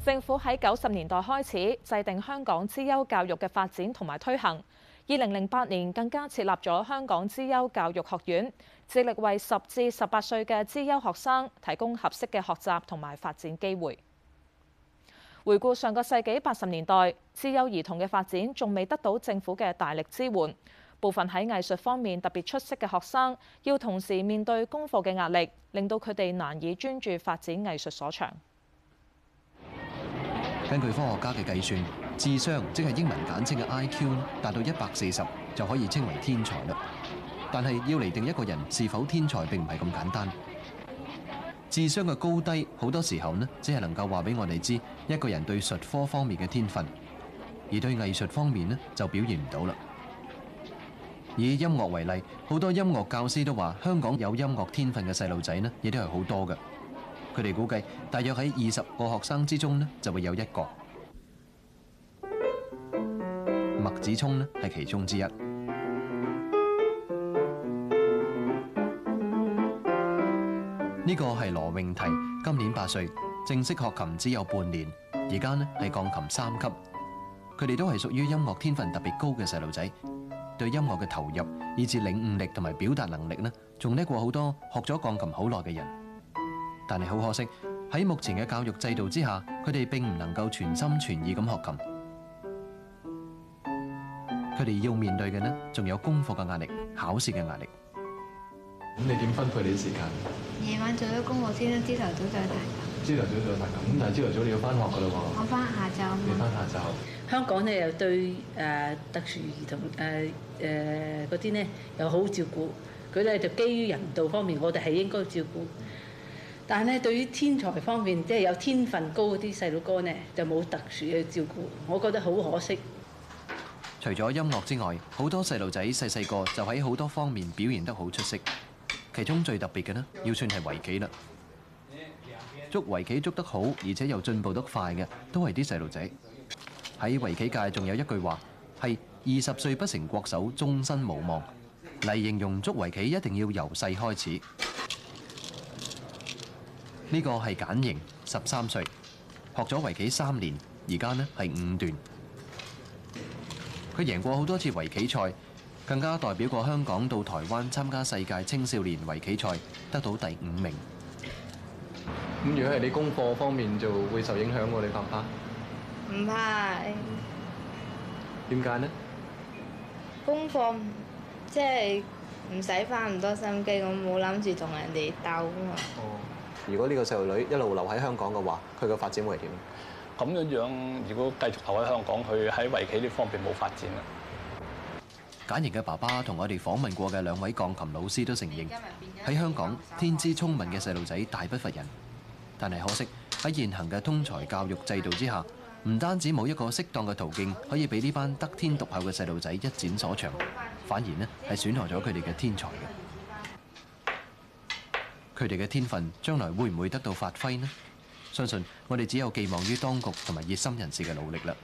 政府喺九十年代開始制定香港資優教育嘅發展同埋推行，二零零八年更加設立咗香港資優教育學院，致力為十至十八歲嘅資優學生提供合適嘅學習同埋發展機會。回顧上個世紀八十年代，資優兒童嘅發展仲未得到政府嘅大力支援，部分喺藝術方面特別出色嘅學生要同時面對功課嘅壓力，令到佢哋難以專注發展藝術所長。根據科學家嘅計算，智商即係英文簡稱嘅 IQ 呢，達到一百四十就可以稱為天才啦。但係要嚟定一個人是否天才並唔係咁簡單。智商嘅高低好多時候呢，只係能夠話俾我哋知一個人對術科方面嘅天分，而對藝術方面呢就表現唔到啦。以音樂為例，好多音樂教師都話，香港有音樂天分嘅細路仔呢，亦都係好多嘅。佢哋估計，大約喺二十個學生之中咧，就會有一個麥子聰咧，係其中之一。呢個係羅永提，今年八歲，正式學琴只有半年，而家咧係鋼琴三級。佢哋都係屬於音樂天分特別高嘅細路仔，對音樂嘅投入，以至領悟力同埋表達能力咧，仲叻過好多學咗鋼琴好耐嘅人。但係好可惜喺目前嘅教育制度之下，佢哋並唔能夠全心全意咁學琴。佢哋要面對嘅呢，仲有功課嘅壓力、考試嘅壓力。咁你點分配你啲時間？夜晚做咗功課先啦，朝頭早再彈。朝頭早再彈咁，但係朝頭早你要翻學㗎啦喎。我翻下晝。你翻下晝。香港咧又對誒特殊兒童誒誒嗰啲咧又好照顧，佢哋就基於人道方面，我哋係應該照顧。但係咧，對於天才方面，即係有天分高嗰啲細路哥呢，就冇特殊嘅照顧，我覺得好可惜。除咗音樂之外，好多細路仔細細個就喺好多方面表現得好出色。其中最特別嘅呢，要算係圍棋啦。捉圍棋捉得好，而且又進步得快嘅，都係啲細路仔。喺圍棋界仲有一句話係：二十歲不成國手，終身無望，嚟形容捉圍棋一定要由細開始。呢個係簡型，十三歲學咗圍棋三年，而家呢係五段。佢贏過好多次圍棋賽，更加代表過香港到台灣參加世界青少年圍棋賽，得到第五名。咁如果係你功課方面，就會受影響喎？你怕唔怕？唔怕。點解呢？功課即係唔使花咁多心機，我冇諗住同人哋鬥啊嘛。如果呢個細路女一路留喺香港嘅話，佢嘅發展會係點？咁樣樣，如果繼續留喺香港，佢喺圍棋呢方面冇發展啦。簡瑩嘅爸爸同我哋訪問過嘅兩位鋼琴老師都承認，喺香港天資聰明嘅細路仔大不乏人，但係可惜喺現行嘅通才教育制度之下，唔單止冇一個適當嘅途徑可以俾呢班得天獨厚嘅細路仔一展所長，反而呢，係損害咗佢哋嘅天才嘅。佢哋嘅天分，將來會唔會得到發揮呢？相信我哋只有寄望於當局同埋熱心人士嘅努力啦。